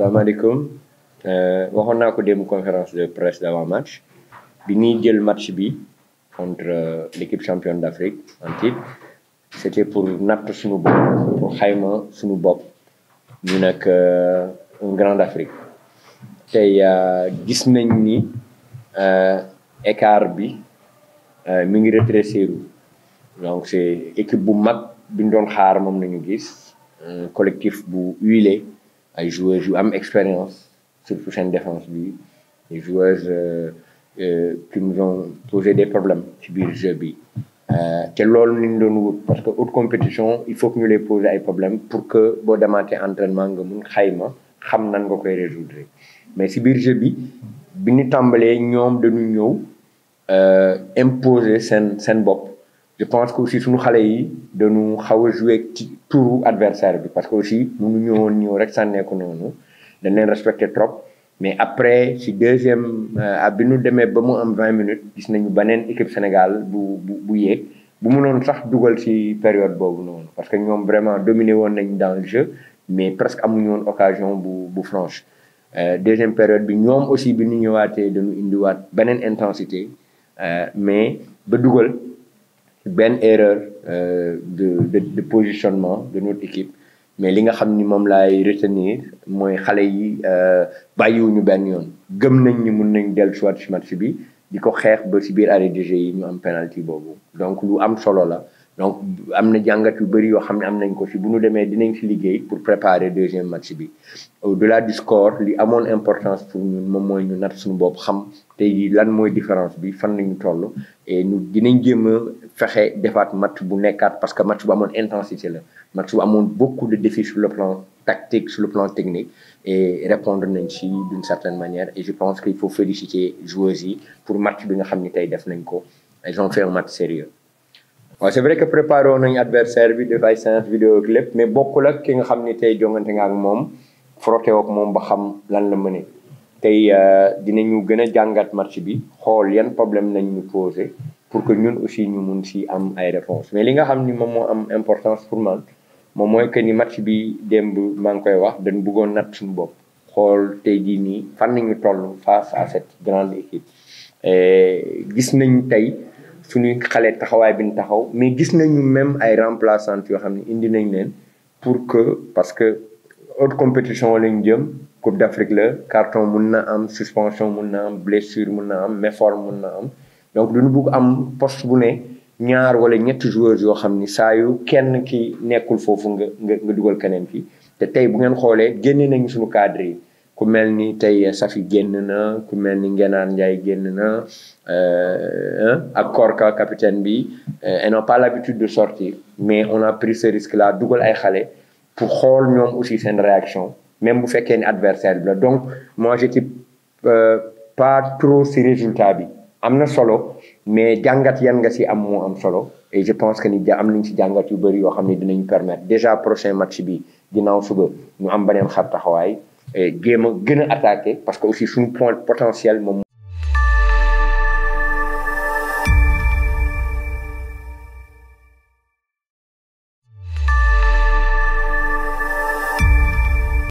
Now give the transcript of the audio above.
alaikum. Euh, waxoon naa ko une conférence de presse d'avant match bi ñuy match b contre euh, l'équipe championne d'Afrique en c'était pour natt suñu pour xayma suñu bopp ñu nekk euh, un grand Afrique tey gis nañ ni écart bi mi ngi donc c'est équipe bu mag bi ñu doon xaar moom nañu gis collectif bu huilé ay joueuses yu am expérience surtout prochaine défense bi les joueurs euh, euh, qui nous ont posé des problèmes ci biir jeu bi euh, te loolu ni parce que haute compétition il faut que nous les poser des problèmes pour que boo demaatee entraînement nga mun xayma xam nan résoudre mais si biir jeu bi bi ñu tàmbalee ñoom dañu imposer je pense que aussi suñu xale yi dañu xaw jouer joué ci turu adversaire bi parce que aussi nous ñëwoon ñëw rek sànneeku noonu dañ leen respecté trop mais après si deuxième ab euh, bi ñu demee ba mu am vingt minutes gis nañu beneen équipe Sénégal bu bu bu yéeg bu mënoon sax dugal si période bobu non parce que ñom vraiment dominé won nañ dans le jeu mais presque amuñu woon occasion bu bu franche euh, deuxième période bi ñom aussi bi ñu ñëwaatee dañu indiwaat benen intensité euh, mais ba dugal benn erreur euh, de de de positionnement de notre équipe mais li nga xam ni moom laay retenir mooy xale yi euh, bàyyiwuñu benn yoon gëm nañ ni mun nañ dellu soit si match bi di ko xeex ba si biir arrêt de jeu yi ñu am penalty boobu donc lu am solo la donc am na jàngat yu bëri yoo xam ne am nañ ko si bu ñu demee dinañ si liggéey pour préparer deuxième match bi au delà du score li amoon importance pour ñun moom mooy ñu nat suñu bopp xam tey lan mooy différence bi fan la ñu toll et ñu dinañ jéem a fexe defaat match bu nekkaat parce que match bu amoon intensité la match bu amoon beaucoup de défis sur le plan tactique sur le plan technique et répondre nañ si d'une certaine manière et je pense qu'il faut féliciter joueurs yi pour match bi nga xam ne tey def nañ ko ils ont fait un match sérieux waaw c'est vrai que préparons woon nañ adversaire bi defay ay vidéo clip mais mom ak ki nga xamni tay jonganté nga ak mom froté ak mom ba xam lan la mëne tay euh, dinañu gëna jangat bi xol yeen problème lañ ñu poser pour que ñun aussi ñu mën si am ay réponse mais li nga xamni mom mo am importance pour man mom moy que ni match bi demb ma ngi koy wax dañ bëggoon nat suñu bop xol tay di ni fan ñu tollu face à cette grande équipe gis nañ tay suñuy xale taxawaay bi taxaw mais gis nañu même ay remplaçantes yoo xam ne indi nañ leen pour que parce que haute compétition lañ jëm coupe d'Afrique la carton mun na am suspension mun na am blessure mun na am méforme mun na am donc duñu bugg am poste bu ne ñaar wala ñetti joueurs yoo xam ni saa yu kenn ki nekkul foofu nga nga nga dugal keneen ki te tey bu ngeen xoolee génne nañu suñu cadre yi ku mel ni tey Safi génn na ku mel ni Ngenaan Njaay génn na euh, hein, ak Korka capitaine bi et euh, non pas l'habitude de sortir mais on a pris ce risque là dugal ay xale pour xool ñoom aussi seen réaction même bu fekkee ni adversaire bi donc moi j'étais euh, pas trop si résultat bi am na solo mais jàngat yan nga si am moo am solo et je pense que ni am nañ si jàngat yu bëri yoo xam ne dinañ permettre déjà prochain match bi ginnaaw suba ñu am beneen xar taxawaay et Game attaquer parce que aussi un point potentiel